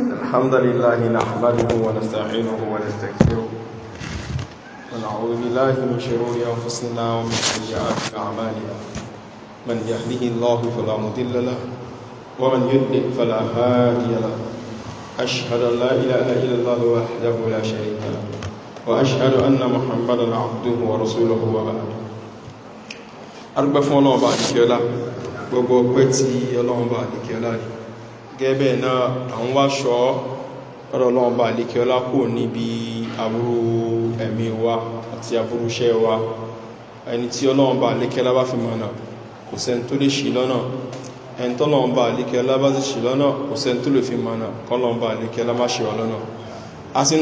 الحمد لله نحمده ونستعينه ونستغفره ونعوذ بالله من شرور أنفسنا ومن سيئات أعمالنا من يهده الله فلا مضل له ومن يضلل فلا هادي له أشهد أن لا إله إلا الله وحده لا شريك له وأشهد أن محمدا عبده ورسوله وبعد أربع فونا بعد كلا بوبو بيتي يلون بعد bá gẹ́bẹ̀ náà àwọn wá ṣọ́ ọlọ́run bá lè kí ọlá kò níbi aburú ẹ̀mí wa àti aburú iṣẹ́ wa ẹni tí ọlọ́run bá lè kí ọlá bá fi mọ̀nà kò sẹ́ni tó lè ṣì lọ́nà ẹni tọ́lọ́run bá lè kí ọlá bá ti ṣì lọ́nà kò sẹ́ni tó lè fi mọ̀nà kọ́lọ́run bá lè kí ọlá má ṣe wà lọ́nà alaihi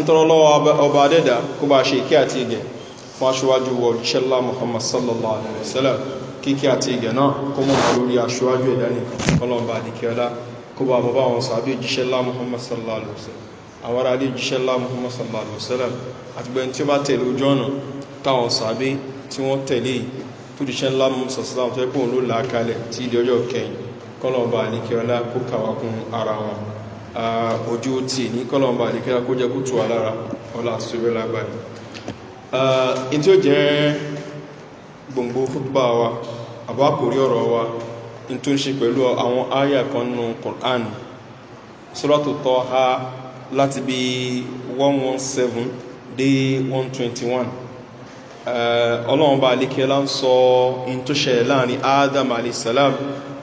wasallam kíkẹ́ àti ìgẹ̀ náà kó mọ̀ lórí aṣíwájú kó bá bàbá àwọn sàbí muhammad sallallahu alaihi wasallam àwọn ará muhammad sallallahu alaihi wasallam àti gbẹ̀yìn tí ó bá tẹ̀lé ojú ọ̀nà táwọn sàbí tí wọ́n tẹ̀lé tó jíṣẹ́ lá muhammad sallallahu alaihi wasallam tó pọ̀ ló làákalẹ̀ tí ilé ọjọ́ kẹyìn kọ́lọ̀ọ̀bà àlekẹ́ọlá kó kàwákún ara wọn ojú tí ní kọ́lọ̀ọ̀bà àlekẹ́ọlá kó jẹ́ kó tù wá ọlá àti sórí lágbàdì in tí ó jẹ́ gbòǹgbò fútbà wa àbá kò rí ọ̀rọ̀ wa tó ń ṣe pẹ̀lú àwọn àyà kan nù Qur'an suratu Taha láti bí 117 day 121 ọlọ́run bá alékẹ́ lá ń sọ in tó ṣẹlẹ̀ láàrin Adam alayhisalam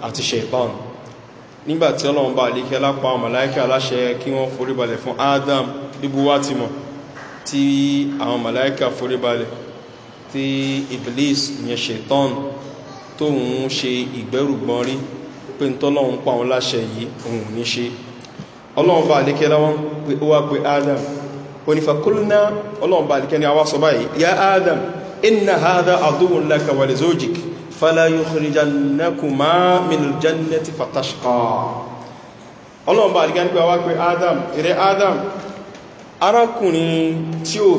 àti shaitan nígbàtí ọlọ́run bá alékẹ́ lápá màláíkà aláṣẹ kí wọ́n foríbalẹ̀ fún Adam bíbú ti mọ̀ tí àwọn màláíkà foríbalẹ̀ tí Iblis ni shaitan tóun ń ṣe ìgbẹ́rùgbọ́n rí pé ntọ́lọ́run pa òun láṣẹ yìí òun ní ṣe ọlọ́run bá àdékẹ́ láwọn pé ó wá pé adam onífàkúrúnà ọlọ́run bá àdékẹ́ ní awásọ báyìí ya adam inna hada adúwò laka wà lè zojic falayo kìrìjànnàkùnmá mìlìjànnàtì fatashka ọlọ́run bá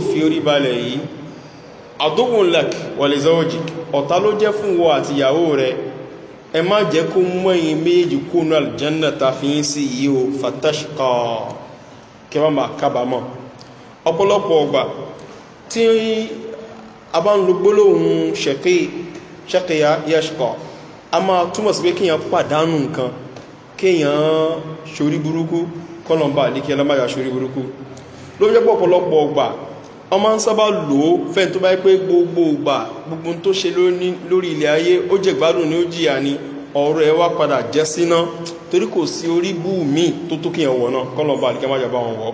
fi orí balẹ̀ yìí àdúgbùn lak wàlèzọ́wọ́jì ọ̀tá ló jẹ́ fún wọ àti ìyàwó rẹ̀ ẹ má jẹ́ kó mọ́yìn méjì kúnnú aljanna fi ń sí yìí fatashka kẹwàá ma kábàámọ̀ ọ̀pọ̀lọpọ̀ ọgbà tí a bá ń lo gbólóhùn ṣẹ̀kíyà yẹ́ṣkọ̀ a máa túmọ̀ sí pé kíyàn pàdánù nǹkan kíyàn ṣorí burúkú kọ́lọ̀mbà ní kí ẹlẹ́máyà ṣorí burúkú ló jẹ́ pọ̀pọ̀lọpọ̀ ọgbà ọmọ ń sábà lò ó fẹ́ẹ̀ tó bá yẹ pé gbogbo ìgbà gbogbo tó ṣe lórí ilẹ̀ ayé ó jẹ́ gbádùn ní ó jìyà ni ọ̀rọ̀ ẹ wá padà jẹ́ síná torí kò sí orí bú mi tó tó kí ẹ̀ wọ̀ náà kọ́ lọ́ba àdìgá má jàbá wọn wọ̀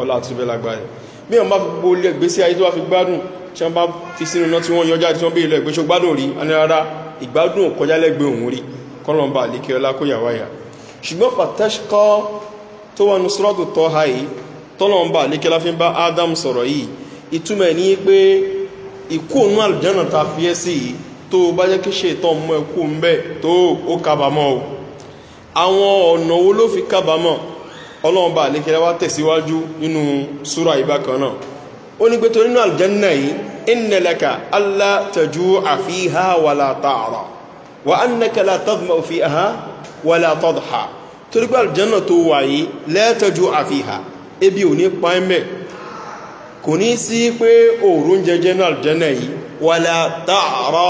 ọlá àti bẹ́ẹ̀ lágbára ẹ̀ bí wọn bá fi gbogbo ilé ìgbésí ayé tó bá fi gbádùn tí wọn bá fi sínú iná tí wọn yọjá tí wọn bí ilé ìgbésí gbádùn rí anirara ìgbádùn kọjá lẹ́gbẹ̀ẹ́ òun rí kọ́ lọ́ba àdìgá ọlá kó yà wáyà ṣùgbọ́n pàtẹ́ṣkọ́ tó wọnú sọ́rọ́gù tọ́ ìtumọ̀ ní pé ìkú òun àlùjọ́nà ta fi ẹ́ sí yìí tó bá jẹ́ kí ṣe ìtàn mọ́ ẹkú ń bẹ́ tó ó kábàámọ́ o àwọn ọ̀nà wo ló fi kábàámọ́ ọlọ́run bá àlékẹ́lá wá tẹ̀síwájú nínú súra ìbákan náà ó ní pé tó nínú àlùjọ́nà yìí ìnẹ̀lẹ́ka alátẹ̀jú àfihà wàlá tààrà wà á nẹ́kẹ́lá tọ́gbọ̀n fi àhá wàlá tọ́dọ̀ha torípé àlùjọ́nà tó wà yìí lẹ́tẹ̀jú àfihà ebi ò ní pa ẹ́ kò ní sí pé òòrùn jẹjẹ náà jẹ́nà yìí wàlá tààrà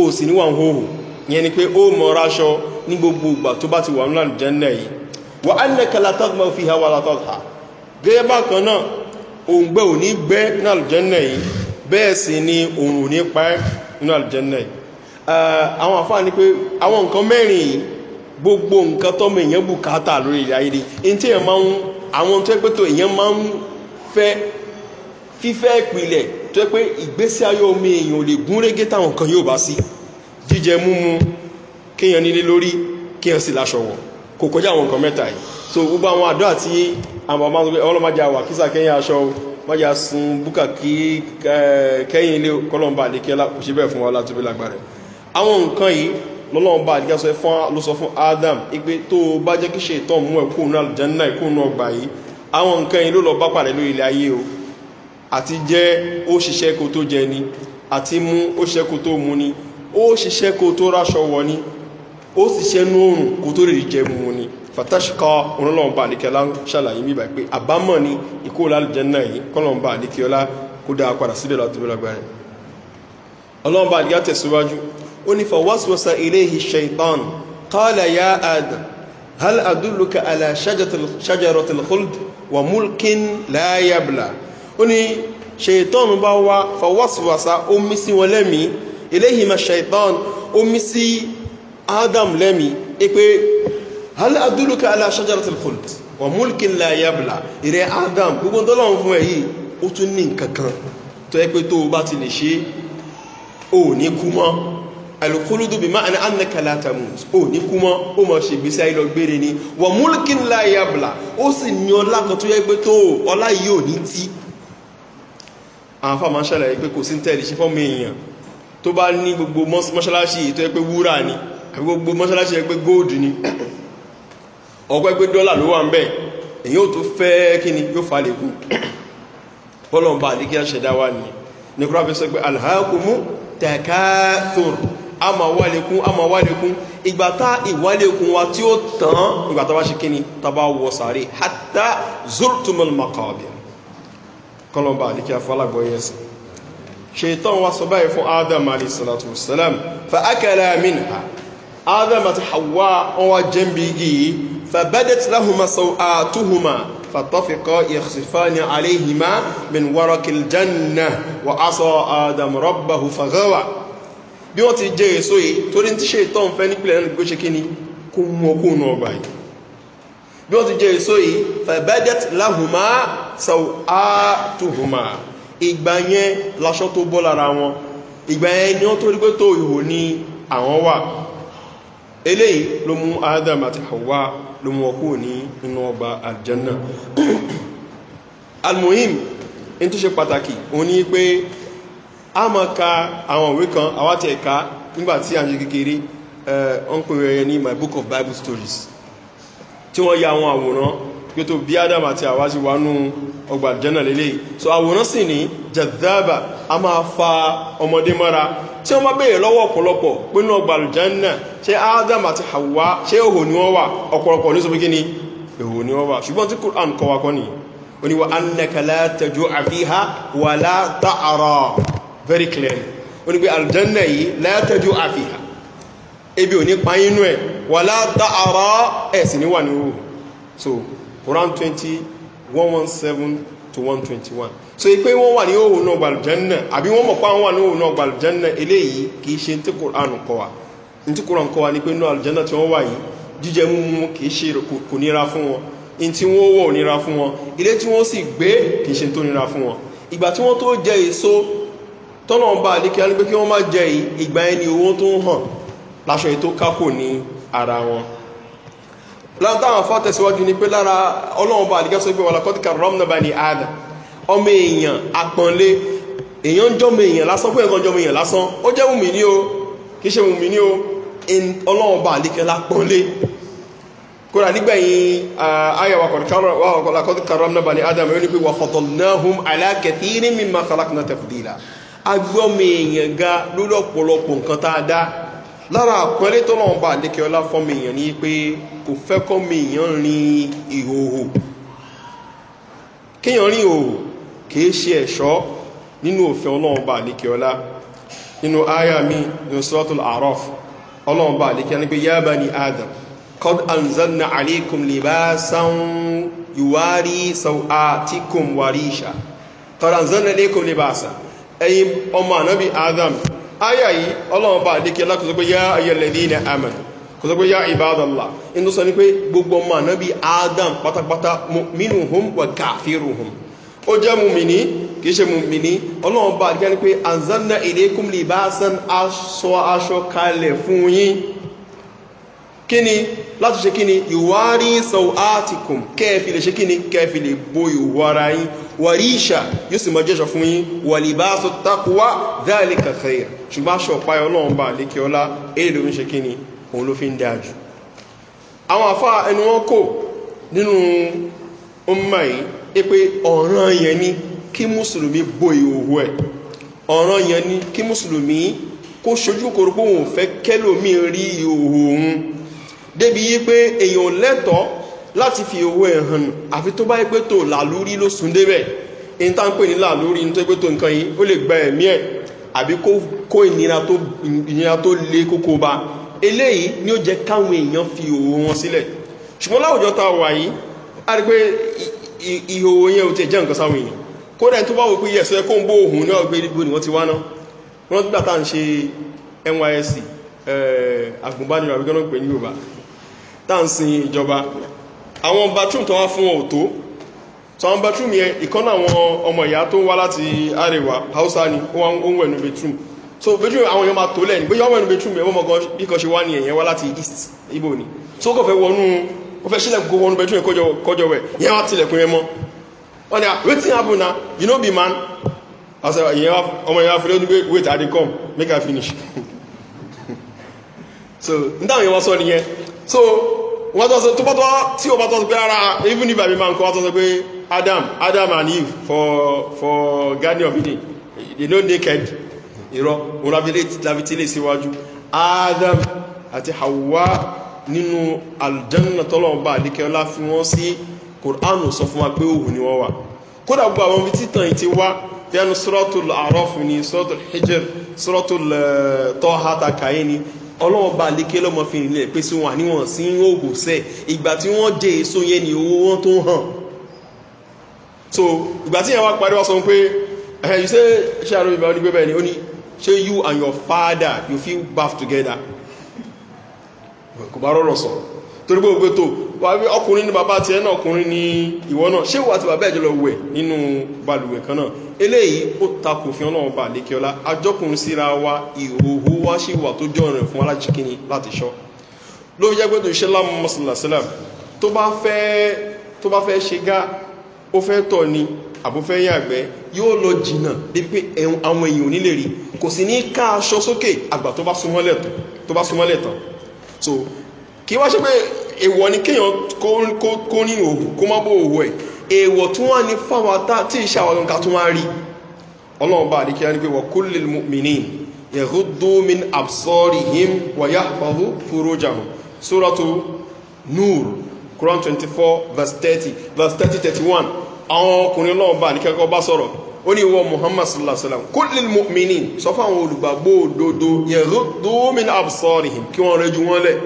ò sí níwà hóhù yẹn ni pé ó mọ́ráṣọ ní gbogbo ìgbà tó bá ti wà náà jẹ́nà yìí wà á nẹ kàlátọ́gbọ̀n fi ha wàlá tọ́ta gẹ́gẹ́ bákan ni òun pa ẹ́ náà jẹ́nà yìí àwọn àfáà ni nǹkan mẹ́rin yìí gbogbo bùkátà lórí ilẹ̀ ni ní tí èèyàn máa ń àwọn tó yẹ pé tó máa ń fẹ́ fífẹ́ ìpìlẹ̀ tó pé ìgbésí ayé omi èèyàn lè gún régé táwọn kan yóò bá sí jíjẹ múmu kéèyàn nílé lórí kéèyàn sì láṣọwọ̀ kò kọjá àwọn nǹkan mẹ́ta yìí so gbogbo àwọn àdó àti àwọn ọmọ ọlọ́mọdé àwà kísà kẹ́yìn aṣọ mọ́já sun búkà kí kẹ́yìn ilé kọlọ́mbà àdékẹ́lá kò ṣe bẹ́ẹ̀ fún wa látúbí lágbára àwọn nǹkan adam ipé tó bá jẹ́ kí ṣe ìtọ́ mú ẹ̀kún náà jẹ́ náà ìkún náà gbà àwọn nǹkan yìí ló lọ bá pàdé lórí ilẹ̀ ayé o àti jẹ́ ó ṣiṣẹ́ kó tó jẹ ni àti mú ó ṣiṣẹ́ kó tó mú ni ó ṣiṣẹ́ kó tó ráṣọ wọ ni ó ṣiṣẹ́ nú oòrùn kó tó lè jẹ mu ni fatashika ọ̀rọ̀lọ́wọ́n bá àdìkẹ́lá ṣàlàyé bíbá pé àbámọ̀ ni ìkóòlá àlùjẹ́ náà yìí kọ́lọ́wọ́n bá kó dáa padà síbẹ̀ láti bẹ̀rẹ̀ ó ní ṣètọ́nù bá wá fọwọ́sowọ́sá ó mí sí wọn lẹ́mí eléyìí ma ó mí sí adam lẹ́mí pé hal adúlùkà aláṣájára tẹlifọ̀lù wà múlùkì ńlá yabla ìrẹ́ adam gbogbo dọ́lọ́run fún ẹ yìí ó tún ní nǹkan kan tó ẹ pé tó o bá ti lè ṣe ó ní kú mọ́ alukuludu bi ma'ana annaka la tamut o ni kuma o ma se gbese ayi lo gbere ni wa mulkin la yabla o si ni ọlá kan tó yẹ gbé tó ọlá yìí ò ní tí àǹfà máa ń ṣàlàyé pé kò sí tẹ́lì ṣe fọ́mọ èèyàn tó bá ní gbogbo mọ́ṣálásí ètò ẹgbẹ́ wúrà ni àbí gbogbo mọ́ṣálásí ẹgbẹ́ góòdù ni ọgbẹ́ gbé dọ́là ló wà ń bẹ̀ èyí ò tó fẹ́ kí ni yóò fa lèkú fọ́lọ̀mbà àdíkíyà ṣẹ̀dá wà ní ní kúrò kọlọmbà àdíkí afọ́lágbọ́ yẹsì ṣetán wa sọ báyìí fún adam alìsàlátù wasalam fa akẹ́lẹ̀ amin ha adam àti hawa wọn wá jẹ́ bí igi yìí fa bẹ́dẹ̀ tí láhùmá sọ àtúhùmá fatọ́fikọ́ ìyẹ̀sìfáni aléhìmá min wọ́rọ̀kìl janna wa aṣọ adam rọ́bàhù fagawa bí wọ́n ti jẹ́ èso yìí torí ti ṣetán fẹ́ nípìnlẹ̀ náà gbéṣe kíni kó mú ọkùnrin ọgbà yìí bí wọ́n ti jẹ́ èso yìí fa bẹ́dẹ̀ tí láhùmá sàù a tuhuma yẹn laṣọ tó bọ́ lára wọn ìgbà ni wọ́n tó rí pé tó ìhò ní àwọn wà eléyìí ló mú adam àti hawa ló mú ọkú ní inú ọba aljanna almuhim in tó ṣe pàtàkì òun ní a mọ̀ ka àwọn òwe kan àwátẹ̀ ẹ̀ka nígbàtí à ń ṣe kékeré ọ̀nkùnrin rẹ̀ ní my book of bible stories tí wọ́n ya àwọn àwòrán gbétò bí adam àti àwá sí wánú ọgbà jẹ́nà lélẹ̀ so àwòrán sì ní jẹ̀dába a máa fa ọmọdé mọ́ra tí wọ́n bá bèèrè lọ́wọ́ ọ̀pọ̀lọpọ̀ pínú ọgbà jẹ́nà ṣe adam àti àwá ṣe òhò ni wọ́n wà ọ̀pọ̀lọpọ̀ ní sọpé kíni òhò ni wọ́n wà ṣùgbọ́n tí quran kọ wa kọ́ ni ó ní wa annakala tẹjú àfihà wà látàrà very clear ó ní pé aljanna yìí látẹjú àfihà ebi ò ní pa inú ẹ̀ wà látàrà ẹ̀ sì ní wà ní òhò so Quran twenty one one seven to one twenty one so ipe wọn wà ní òhun náà gbàlùjẹ́nà àbí wọn mọ̀ pé àwọn wà ní òhun náà gbàlùjẹ́nà eléyìí kì í ṣe ní tí Quran kọ́ wa ní Quran kọ́ wa ni pé náà àlùjẹ́nà tí wọ́n wà yìí jíjẹ múmu kì í ṣe kò nira fún wọn in tí wọ́n wọ̀ nira fún wọn ilé tí wọ́n sì gbé kì í ṣe tó nira fún wọn ìgbà tí wọ́n tó jẹ èso tọ́nà ọba àdékè alẹ́ pé kí wọ́n má jẹ ìgbà ẹni owó tó ń hàn láṣọ ètò kákò ní ara wọn lára táwọn afọ́ tẹ̀síwájú ni pé lára ọlọ́run bá àdìgá sọ pé wọn lọ́kọ́ ti kà rọ́mùnà bá ní àdà ọmọ èèyàn àpọ̀nlé èèyàn ń jọmọ èèyàn lásán pé ẹ̀kan jọmọ èèyàn lásán ó jẹ́ wùmí ní o kì í ṣe wùmí ní o ọlọ́run bá àdìgá lápọ̀nlé kódà nígbẹ̀yìn ayé wakọ̀dí kà ní àdà lára àpẹẹrẹ tó lọ́wọ́ bá àlékẹ́ ọlá fọ́mọ èèyàn ni pé kò fẹ́ kọ́mọ èèyàn rin ìhòhò kéèyàn rin ìhòhò kìí ṣe ẹ̀ṣọ́ nínú òfin ọlọ́wọ́ bá àlékẹ́ ọlá nínú aya mi nínú sọ́tún àrọ́f ọlọ́wọ́ bá àlékẹ́ ni pé yába ni adam kọ́d anzanna aleikum libasan yuwari sau'atikum warisha kọ́d anzanna aleikum libasan ẹyin ọmọ anabi adam áyà yìí ọlọ́run bá àdékí alákòóso pé yá ayẹlẹ̀dí ní amẹ́n kò sọ pé yá ìbádọ́lá inú sọ ní pé gbogbo ọmọ ànábí adam pátápátá mínú hùm wà káfíru hùm ó jẹ́ mùmìní kì í ṣe mùmìní ọlọ́run bá àdékí pé anzanna ìdẹ́kùn lè bá sán aṣọ wàríṣà yóò sì mọ́jẹ́ ṣọ fún yín wàlìbá tó takuwa dáàlì kàfẹ́ yà ṣùgbọ́n aṣọ ọ̀pá ọlọ́run bá lékè ọlá èyí ló ń ṣe kí ni òun ló fi ń dáa jù àwọn àfa ẹnu wọn kò nínú ọmọ yìí pé ọ̀ràn yẹn ni kí mùsùlùmí bo ìhòòhò ẹ̀ ọ̀ràn yẹn ni kí mùsùlùmí kó ṣojú kòrò pé fẹ́ kẹ́lòmíì rí ìhòòhò òun débi yí pé èèyàn lẹ́tọ̀ọ́ láti fi owó ẹ̀ hàn àfi tó bá yẹ pé tó làlórí ló sùn débẹ̀ ní tá ń pè ní làlórí ní tó yẹ pé tó nǹkan yìí ó lè gba ẹ̀mí ẹ̀ àbí kó ìnira tó lé kókó ba eléyìí ni ó jẹ́ káwọn èèyàn fi òwò wọn sílẹ̀ ṣùgbọ́n láwùjọ ta wà yìí a rí pé ìhòòhò yẹn ò tiẹ̀ jẹ́ nǹkan sáwọn èèyàn kódà tó bá wò pé yẹ̀sọ́ ẹkùn bó òhun náà gbé gbogbo ni wọ́n ti wá náà wọ́n tó gbàtà ń ṣe eh, nysc agbùnbánirò eh, àbíkọ́nà pè ní yorùbá tá ń sin ìjọba àwọn bathroom tó wá fún wọn ò tó so àwọn bathroom yẹn ìkọ́nà àwọn ọmọ ìyá tó wá láti àríwá hausa ni ó ń wẹ̀nu bathroom so bathroom àwọn èèyàn máa tó lẹ́ni bóyá wẹ̀nu bathroom yẹn wọ́n mọ̀ bí kan ṣe wá ní ẹ̀yẹn wá láti east ibo ni so kò fẹ́ wọnú ó fẹ́ sílẹ̀ gbogbo wọnú bathroom kọjọ wẹ̀ yẹn wá tilẹ̀kùn yẹn mọ́ wọ́n ni ah, wetin happen na you no be man as ọmọ ìyá fi lónìí wait i dey come make i finish so n táwọn yẹn wá sọ nìyẹn so wọ́n tó sọ tó bọ́tọ́ tí ó bá tọ́ sọ pé ara even if àbí máa ń kọ́ wọ́n tó sọ pé adam adam and eve for for garden of eden they no naked irọ́ wọn láti lè síwájú adam àti hawa nínú aljanna tọ́lọ̀ọ̀bá àdíkẹ́ ọlá fi wọ́n sí kòránù sọ fún wa pé òhun ni wọ́n wà kódà gbogbo àwọn títàn ìtí wá tẹ́nu sọ́rọ̀tù àrọ́fù ni sọ́rọ̀tù hijr sọ́rọ̀tù eh, tọ́hátà kàí ni ọlọ́wọ́ bá lékè lọ́mọ fi nílẹ̀ pé sí wọn àníwọ̀n sí oògùn sẹ́ ìgbà tí wọ́n jẹ èso yẹn ni owó wọn tó hàn so ìgbà tí yẹn wá parí wá sọ pé ẹ̀hẹ̀ yìí ṣe ṣe àrùn ìbáwọn nígbẹ́ bẹ́ẹ̀ ni ó ní ṣe you and your father you feel bath together kò bá rọrọ̀ sọ̀rọ̀ torí pé òpé tó ọkùnrin ní bàbá tiẹ̀ náà ọkùnrin ní ìwọ náà ṣé wà tí bàbá ìjọ lọ wẹ̀ nínú balùwẹ̀ kan náà eléyìí ó takò fi ọlọ́run bá lékeọlá ajọ́kùnrin síra wa ìhòhò wá sí wà tó jọrin fún alájíkíni láti ṣọ́ ló fi jẹ́ pé tó ṣe lámú mọ́sálásílà tó bá fẹ́ ṣe gá ó fẹ́ tọ̀ ni àbúfẹ́ yàgbẹ́ yóò lọ jìnnà débi pé àwọn èèyàn ò ní lè rí kò sì ní ká aṣọ sókè àgbà tó bá súnmọ́lẹ̀ tán so kí wá ṣe pé èèwọ̀ ni kéèyàn kó ní òwò kó má bó òwò ẹ̀ èèwọ̀ tí wọ́n ní fáwọn atá tí ìṣe àwọn ọ̀gá tó máa rí ọlọ́run bá àdíkíyà ní pé wọ́n kó lè mìíní yẹ̀hó domin absorí him wàyà fàhó fúrójàmù sóràtò nur quran twenty four verse thirty verse thirty thirty one àwọn ọkùnrin ọlọ́run bá àdíkíyà kọ́ bá sọ̀rọ̀ ó ní ìwọ muhammad sallallahu alaihi wa sallam kó lè mìíní sọ fáwọn olùgbàgbọ́ òdodo yẹ̀hó domin absorí him kí wọ́n rẹ́jú wọn lẹ̀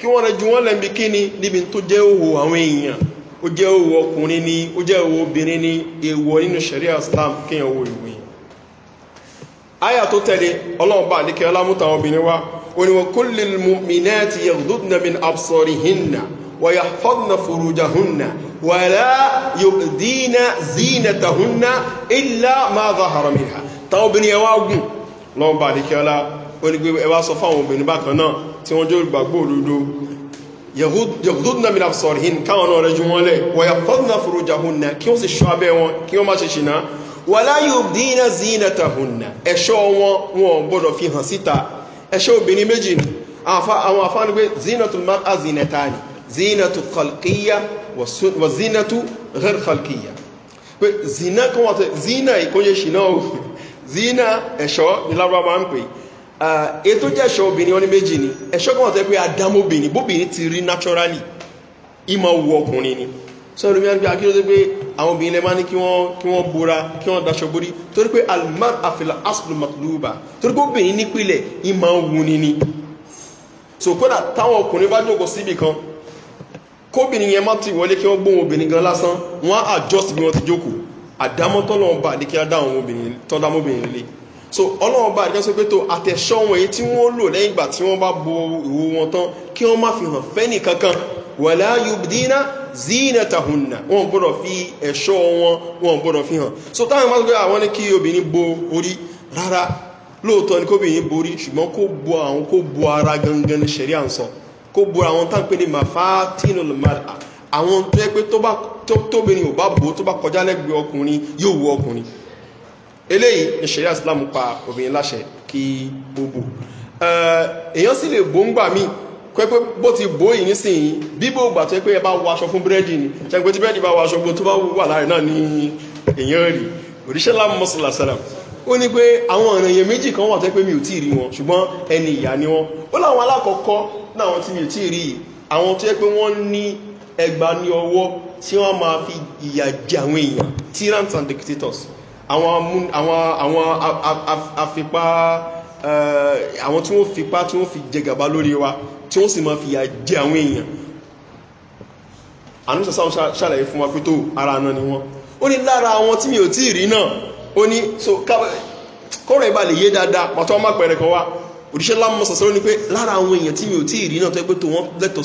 kí wọ́n rẹ ju wọ́n lẹ́mí kí ni níbi tó jẹ́ òwò àwọn èèyàn ó jẹ́ òwò ọkùnrin ni ó jẹ́ òwò obìnrin ni èèwọ̀ nínú sharia islam kí yẹn wo ìwé àyà tó tẹ̀lé ọlọ́run bá àdékẹ́ ọlámúta obìnrin wa oníwọ̀n kúlìl ó ní pé ẹwà sọ fáwọn obìnrin bákan náà tí wọ́n jẹ́ olùgbàgbọ́ òdodo yahudna min afsarihin káwọn náà rẹjú wọn lẹ̀ wọ̀yà fọ́dúnà furujahunna kí wọ́n sì ṣọ́ abẹ́ wọn kí wọ́n má ṣe ṣìnà wàlá yubdina zinatahunna ẹ̀ṣọ́ wọn wọn gbọ́dọ̀ fi hàn síta ẹ̀ṣọ́ obìnrin méjì àwọn afáàní pé zinatul mar'a zinatani zinatu khalqiyya wa zinatu ghir khalqiyya pé zina kan wà tẹ zina ìkóyè Ah, ètò jẹ́ ẹ̀ṣọ́ obìnrin wọn méjì ni ẹ̀ṣọ́ kan wọ́n tẹ́ pé adámobìnrin bóbìnrin ti rí naturally ìmọ̀ wu ọkùnrin ni sọ́rọ̀ wíwá ní pé akíló tó pé àwọn obìnrin lè máa ní kí wọ́n bora kí wọ́n daṣọ borí torí pé alman afila aslu matluba torí pé obìnrin nípìnlẹ̀ ìmọ̀ wu ni ni so kódà táwọn ọkùnrin bá jókòó síbì kan kóbìnrin yẹn má ti wọlé kí wọ́n gbóhùn obìnrin gan lásán wọ́n adjust bí wọ́n ti jókòó àdámọ́tọ́lọ́wọ́n bá àdékí adáwọn obìnrin tọ́dámọ́bìnrin lé so ọlọ́run bá àdìgá sọ pé tó àtẹ̀ṣọ́ wọn èyí tí wọ́n lò lẹ́yìn ìgbà tí wọ́n bá bo ìwo wọn tán kí wọ́n má fi hàn fẹ́nì kankan wàlá yubdina zina tahunna wọn gbọ́dọ̀ fi ẹ̀ṣọ́ wọn wọn gbọ́dọ̀ fi hàn so táwọn máa sọ pé àwọn ní kí obìnrin bo orí rárá lóòótọ́ ni kóbìnrin borí ṣùgbọ́n kó bo àwọn kó bo ara gangan ní ṣẹ̀rí à ń sọ kó bo àwọn tá à ń pè ní mafatino lamara àwọn tó yẹ pé tóbìnrin ò bá bo tó bá kọjá lẹ́gbẹ̀ẹ́ ọkùnrin yóò wo ọkùnrin eléyìí ni ṣẹ̀yà islam pa obìnrin láṣẹ kí gbogbo èèyàn sì lè bó ń gbà míì pé bó ti bó yìí nísìnyí bíbó gbà tó yẹ pé ẹ bá wọ aṣọ fún búrẹ́dì ni ṣẹ́ni pé tí búrẹ́dì bá wọ aṣọ gbogbo tó bá wà láàrin náà ní èèyàn rí òrìṣẹ́ lámọ́sọ̀lá sálàmù ó ní pé àwọn ìrìnyẹ méjì kan wà tẹ́ pé mi ò tí rí wọn ṣùgbọ́n ẹni ìyà ni wọ́n ó láwọn alákọ̀ọ́kọ́ láwọn tí mi ò tí rí àwọn tó yẹ pé wọ́n ní ẹgbà ọwọ́ tí wọ́n máa fi ìyà jẹ àwọn èèyàn tyrants and dictators àwọn afipá àwọn tí wọ́n fipá tí wọ́n fi jẹgàba lórí wa tí wọ́n sì máa fi yà jẹ àwọn èèyàn ànúṣà sáwọn ṣàlàyé fún wa pé tó ara náà ni wọ́n ó ní lára àwọn tí mi ò tí rí náà ó ní so kọ́rọ̀ ìbá lè yé dáadáa pàtó ọmọ pẹ̀rẹ̀ kan wá òdíṣẹ́ lámọ́ sọ̀sọ́rọ́ ni pé lára àwọn èèyàn tí mi ò tí rí náà tó yẹ pé tó wọ́n lẹ́tọ̀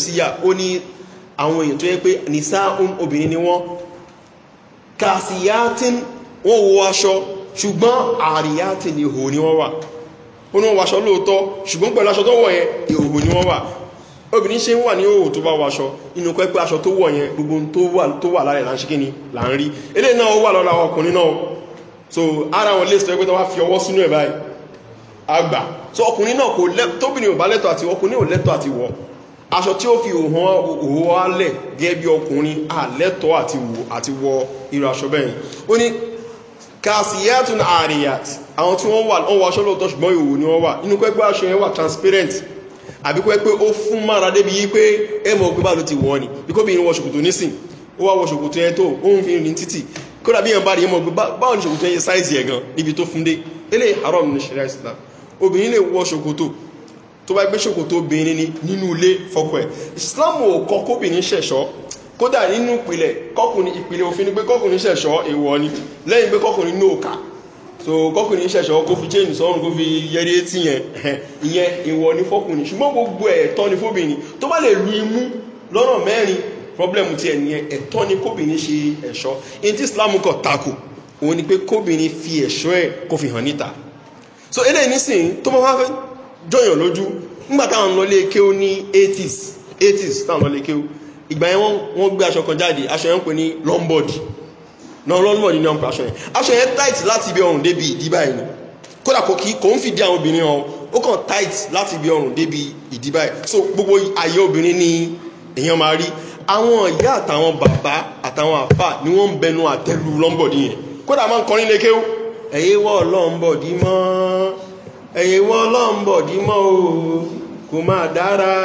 wọ́n wo aṣọ ṣùgbọ́n àríyá ti ní ihò ni wọ́n wà ó ní wọ́n waṣọ lóòótọ́ ṣùgbọ́n pẹ̀lú aṣọ tó wọ̀ yẹn ihò ni wọ́n wà obìnrin ṣe ń wà ní òòrùn tó bá waṣọ inú kọ́ pé aṣọ tó wọ̀ yẹn gbogbo tó wà láàrẹ̀ láńṣẹ́ kí ni là ń rí ilé náà ó wà lọ́la ọkùnrin náà so ara wọn lè sọ pé tó fi ọwọ́ sínú ẹ̀ báyìí àgbà so ọkùnrin náà kò lẹ́ tóbìnrin ò bá lẹ́tọ̀ àti ọkùnrin ò lẹ́tọ̀ àti wọ̀ aṣọ tí ó fi òhun alẹ̀ gẹ́gẹ́ bí ọkùnrin àlẹ́tọ̀ àti wọ irú aṣọ bẹ́ẹ̀ ó ní kàásìyàtún àríyàt àwọn tí wọ́n wà wọ́n wọ aṣọ lóòótọ́ ṣùgbọ́n ìwò ni wọ́n wà inú pẹ́ pé aṣọ yẹn wà transparent àbí pẹ́ pé ó fún mára débi yí pé ẹ mọ̀ pé báyìí ló ti wọ́n ni bí kò bí irun wọ ṣòkòtò nísìn ó wá wọ ṣòkòtò yẹn tó ó ń fi rìn títì kódà bí yẹn bá rí yẹn mọ̀ pé báwo ni sáìsì yẹn gan níbi tó fún dé eléyìí haram ní ṣẹlẹ islam obìnrin lè wọ ṣòkòtò tó bá gbé ṣòkòtò obìnrin nínú ilé fọkọ ẹ islam ò kọ kóbìnrin ṣẹ̀ṣọ́ kódà nínú ìpìlẹ̀ kọkùnrin ìpìlẹ̀ òfin ni pé kọkùnrin ṣẹ̀ṣọ́ èèwọ̀ ni lẹ́yìn pé kọkùnrin ní òkà so kọkùnrin ṣẹ̀ṣọ́ kó fi chain sọ́run kó fi yẹrí etí yẹn ṣùgbọ́n gbogbo ẹ̀tọ́ ni fóbìnrin tó bá lè lu imú lọ́nà mẹ́rin problem ti ẹ̀ nìyẹn ẹ̀tọ́ ni kóbìnrin ṣe ẹ̀ṣọ́ in ti islam tako òun ni fi ẹ̀ṣọ́ ẹ̀ kó ìgbà yẹn wọ́n gbé aṣọ kan jáde aṣọ yẹn ń pè ní longboard náà longboard ni wọ́n ń pè aṣọ yẹn aṣọ yẹn tight láti ibi ọrùn débi ìdí báyìí ni kódà kò kí kò ń fìdí àwọn obìnrin hàn ó kàn tight láti ibi ọrùn débi ìdí báyìí so gbogbo ayé obìnrin ni èèyàn máa rí àwọn ìyá àtàwọn bàbá àtàwọn àfà ni wọ́n ń bẹnu àtẹ́lu longboard yẹn kódà máa ń kọrin lékeu ẹ̀yẹ́ wọ́ longboard mọ́ ẹ̀yẹ́ wọ́ longboard mọ́ o kò máa dára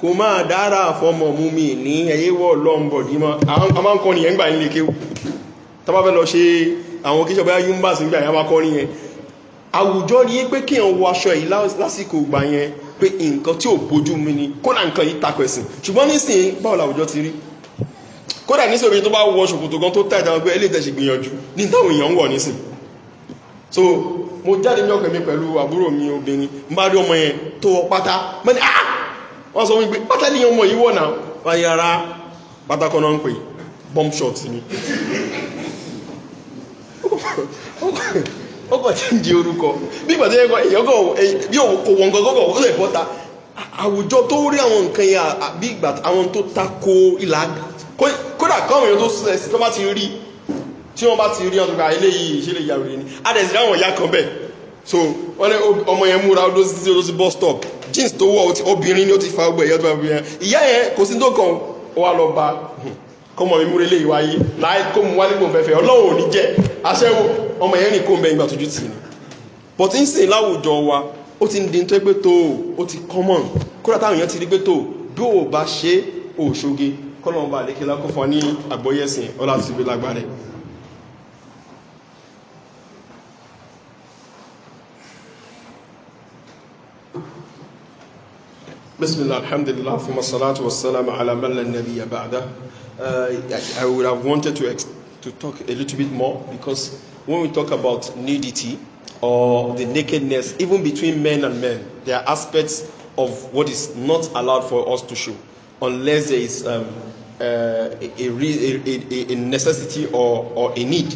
kò máa dára àfọmọ̀ mú mi ní ẹyẹ́wọ̀ lọ́mbọ̀ dímọ́ a máa ń kọ́ nìyẹn gbà ní lè kéwù tàbábẹ́ lọ ṣe àwọn kíṣọ̀ bá yún bá sí gbà yá máa kọ́ nìyẹn àwùjọ ní pé kí n wọ aṣọ yìí lásìkò gbà yẹn pé nǹkan tí ò bójú mi ni kódà nǹkan yìí takọ̀ ẹ̀sìn ṣùgbọ́n nísìnyí báwo làwùjọ ti rí kódà nísìnyí tó bá wọ ṣòkòtò gan tó tà so mo jáde ní ọkọ̀ mi pẹ̀lú àbúrò mi obìnrin n wọ́n sọ wípé pátá ní ọmọ yìí wọ̀ náà ayára pátákọ́ náà ń pè bomb shots ni ó kọ̀ tí ń di orúkọ bí ìgbà tó yẹ kọ ìyọ́gọ̀ bí kò wọ̀n gọ́gọ́ ó lè bọ́ta àwùjọ tó rí àwọn nǹkan yà bí ìgbà àwọn tó tako ìlà kódà káwọn èèyàn tó sẹ̀ sí tó bá ti rí tí wọ́n bá ti rí ọdún gba eléyìí ìṣẹ̀lẹ̀ ìyàwó rẹ̀ ni adẹ̀sí láwọn ìyá kan bẹ́ẹ̀ so wọ́n ní ọmọ yẹn múra ó ló sì sí bus stop jeans tó wọ̀ obìnrin ni ó ti fa ọgbẹ́ ìyá tó bá fi yẹn ìyá yẹn kò sí tó kàn ó wà lọ bá hmm, kọmọ mi múra eléyìí wáyé láì kó mu wálé gbòǹfẹ́ fẹ́ ọlọ́run ò ní jẹ́ aṣẹ́wó ọmọ yẹn rìn kó ń bẹ ìgbà tójú tì ní but ń sìn láwùjọ wa ó ti ń di tó pé tó ó ti common kódà táwọn èèyàn ti rí pé tó bí ò bá ṣe òṣoge kọ́lọ́mọba àdékẹ́lá kó fún ní àgbọ́yẹ̀sìn ọlá àti ìbí lágbára Bismillah, alhamdulillah, thumma salatu wassalamu ala man nabiyya ba'da. Uh, I would have wanted to, to talk a little bit more because when we talk about nudity or the nakedness, even between men and men, there are aspects of what is not allowed for us to show unless there is um, uh, a, a, a, a, necessity or, or a need.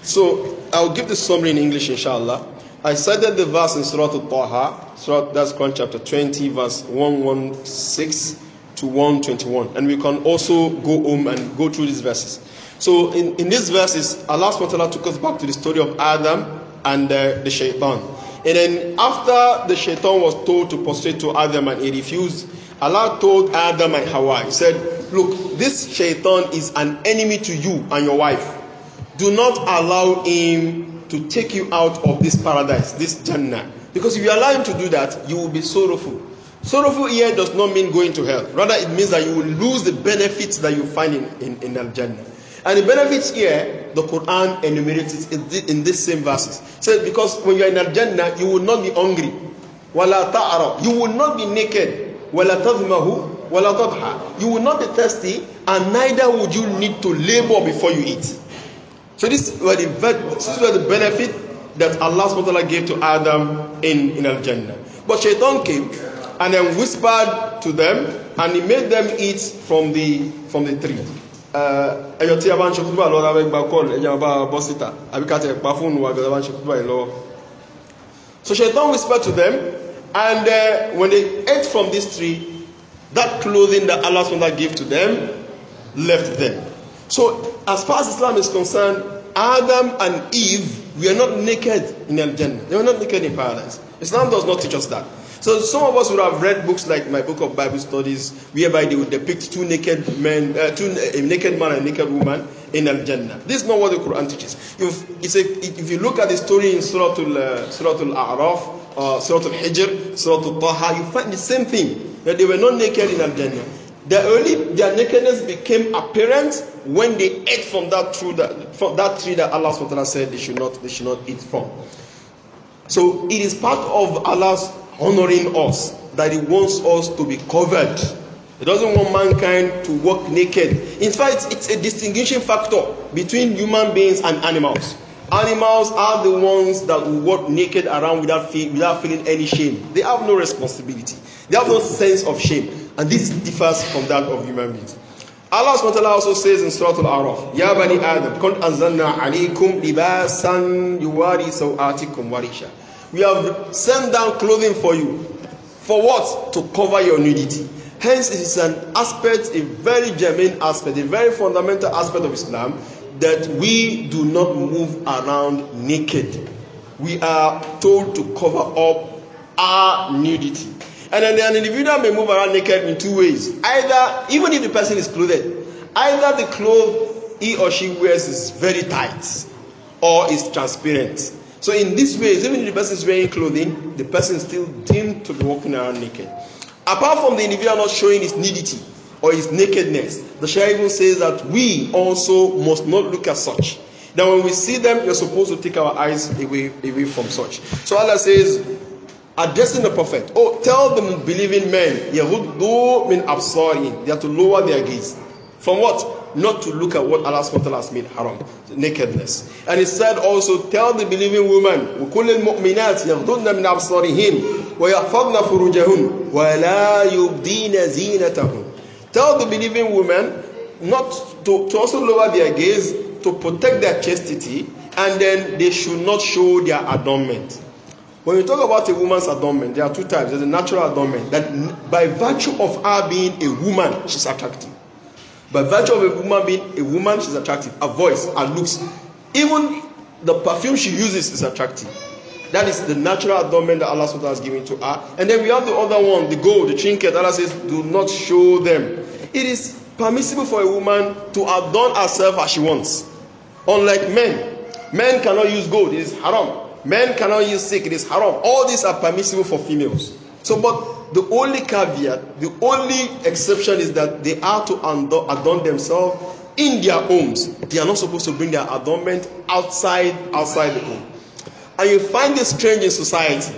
So I'll give the summary in English, inshallah. I cited the verse in Surah Al-Taha throughout that's Quran chapter 20, verse 116 to 121. And we can also go home and go through these verses. So in, in these verses, Allah SWT took us back to the story of Adam and uh, the shaitan. And then after the shaitan was told to prostrate to Adam and he refused, Allah told Adam and Hawa, He said, Look, this shaitan is an enemy to you and your wife. Do not allow him to take you out of this paradise, this Jannah. Because if you allow him to do that, you will be sorrowful. Sorrowful here does not mean going to hell. Rather, it means that you will lose the benefits that you find in, in, in Al Jannah. And the benefits here, the Quran enumerates it in this same verses. So, because when you are in Al Jannah, you will not be hungry. وَلَا تَعْرَى You will not be naked. وَلَا تَظْمَهُ وَلَا تَضْحَى You will not be thirsty, and neither would you need to labor before you eat. So, this were the, this is the benefit that Allah SWT gave to Adam in, in Al Jannah. But Shaitan came and then whispered to them and he made them eat from the, from the tree. Uh, ẹyọ tí a bá ń ṣe kúrúbà lọ́ra rẹ̀ gba kọ́ọ̀lù ẹ̀yà bá bọ́ síta àbí ká tẹ̀ pa fóònù wa gbẹ̀rẹ̀ bá ń ṣe kúrúbà lọ́wọ́. So Shaitan whispered to them and uh, when they ate from this tree that clothing that Allah SWT gave to them left them. So as far as Islam is concerned Adam and Eve were not naked in Al Jannah. They were not naked in paradise. Islam does not teach us that. So some of us would have read books like my book of Bible studies, whereby they would depict two naked men, uh, two a naked man and a naked woman in Al Jannah. This is not what the Quran teaches. If, a, if you look at the story in Surah Al uh, A'raf, uh, Surah Al Hijr, Surah Al Taha, you find the same thing that they were not naked in Al Jannah. The only their nakedness became apparent when they ate from that tree that, from that tree that Allah SWT said they should not they should not eat from. So it is part of Allah's honoring us that He wants us to be covered. He doesn't want mankind to walk naked. In fact, it's a distinguishing factor between human beings and animals. Animals are the ones that will walk naked around without, feel, without feeling any shame. They have no responsibility. They have no sense of shame. And this differs from that of human beings. Allah SWT also says in Surah Al-Araf, Ya Bani Adam, Kunt anzalna alaykum libasan yuwari sawatikum warisha. We have sent down clothing for you. For what? To cover your nudity. Hence, it is an aspect, a very germane aspect, a very fundamental aspect of Islam that we do not move around naked. We are told to cover up our nudity. And then an individual may move around naked in two ways. Either, even if the person is clothed, either the cloth he or she wears is very tight or is transparent. So in this way, even if the person is wearing clothing, the person is still deemed to be walking around naked. Apart from the individual not showing his nudity or his nakedness, the Shah even says that we also must not look at such. That when we see them, you're supposed to take our eyes away, away from such. So Allah says, addressing the prophet, Oh, tell the believing men, Yahuddu min absari, they have to lower their gaze. From what? Not to look at what Allah SWT has made haram, nakedness. And he said also, tell the believing women, وَكُلِّ min يَغْضُنَّ مِنْ أَبْصَارِهِنْ وَيَحْفَظْنَ فُرُوجَهُنْ وَلَا يُبْدِينَ زِينَتَهُنْ Tell the believing women not to, to also lower their gaze, to protect their chastity, and then they should not show their adornment. When you talk about a woman's adornment, there are two types. There's a natural adornment that by virtue of her being a woman, she's attractive. By virtue of a woman being a woman, she's attractive. Her voice, her looks, even the perfume she uses is attractive. That is the natural adornment that Allah SWT has given to her. And then we have the other one, the gold, the trinket. Allah says, do not show them. It is permissible for a woman to adorn herself as she wants. Unlike men, men cannot use gold, it is haram. Men cannot use silk, it is haram. All these are permissible for females. So, but the only caveat, the only exception is that they are to adorn themselves in their homes. They are not supposed to bring their adornment outside outside the home. And you find this strange in society.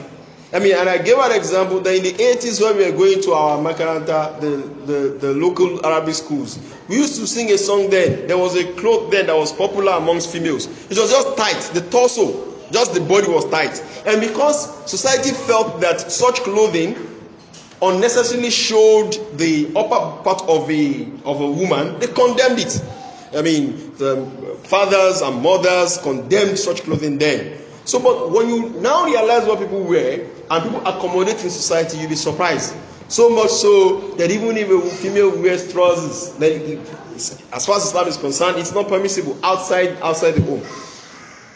I mean, and I gave an example that in the 80s when we were going to our Makaranta, the, the, the local Arabic schools, we used to sing a song then. There was a cloth then that was popular amongst females. It was just tight, the torso. Just the body was tight. And because society felt that such clothing unnecessarily showed the upper part of a, of a woman, they condemned it. I mean, the um, fathers and mothers condemned such clothing then. So, but when you now realize what people wear and people accommodate in society, you'll be surprised. So much so that even if a female wears trousers, then as far as Islam is concerned, it's not permissible outside outside the home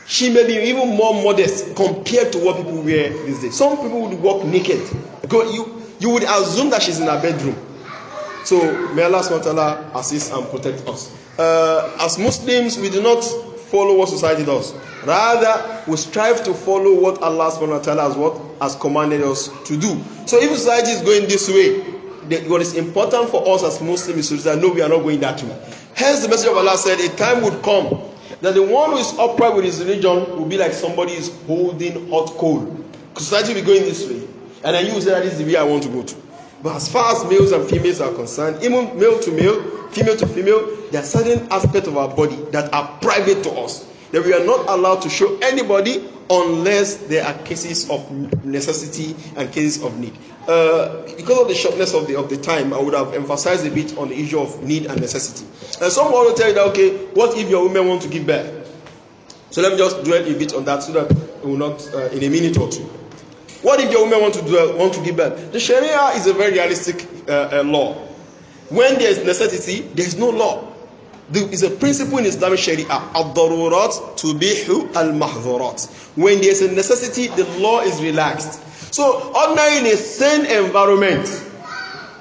she may be even more modest compared to what people wear these days some people would walk naked go you you would assume that she's in her bedroom so may allah swt assist and protect us uh, as muslims we do not follow what society does rather we strive to follow what allah swt has what has commanded us to do so if society is going this way the, what is important for us as muslims is to know we are not going that way hence the message of allah said a time would come that the one who is upright with his religion will be like somebody is holding hot coal. Society will be going this way. And then you will say that is the way I want to go to. But as far as males and females are concerned, even male to male, female to female, there are certain aspects of our body that are private to us that we are not allowed to show anybody unless there are cases of necessity and cases of need. Uh, because of the shortness of the of the time, I would have emphasized a bit on the issue of need and necessity. And uh, someone will tell you that okay, what if your women want to give birth? So let me just dwell a bit on that so that we will not uh, in a minute or two. What if your women want to do, want to give birth? The Sharia is a very realistic uh, uh law. When there is necessity, there is no law. The, it's a principle in Islamic Sharia. Ad-darurat tubihu al When there is a necessity, the law is relaxed. So, ordinarily in a sane environment,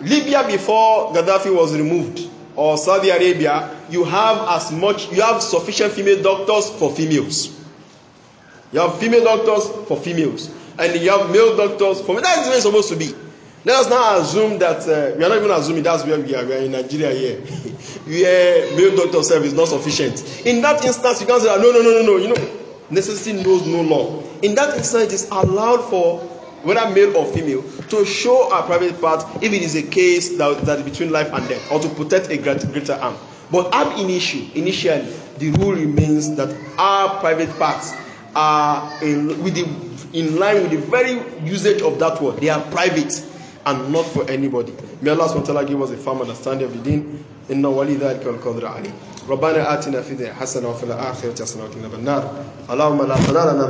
Libya before Gaddafi was removed, or Saudi Arabia, you have as much, you have sufficient female doctors for females. You have female doctors for females, and you have male doctors for males. That is the way it's supposed to be. Let us now assume that uh, we are not even assuming that's where we are. We are in Nigeria here. where male doctor service is not sufficient. In that instance, you can say, no, no, no, no, no. You know, necessity knows no law. In that instance, it is allowed for whether male or female to show a private part if it is a case that, that is between life and death or to protect a greater, greater harm. But ab initio, initially, the rule remains that our private parts are in, with the, in line with the very usage of that word. They are private and not for anybody. May Allah SWT give us a firm understanding of the deen. إن ولي ذلك القدر عليه ربنا آتنا في ذي حسنة وفي الآخرة حسنة وقنا بالنار اللهم لا تدرنا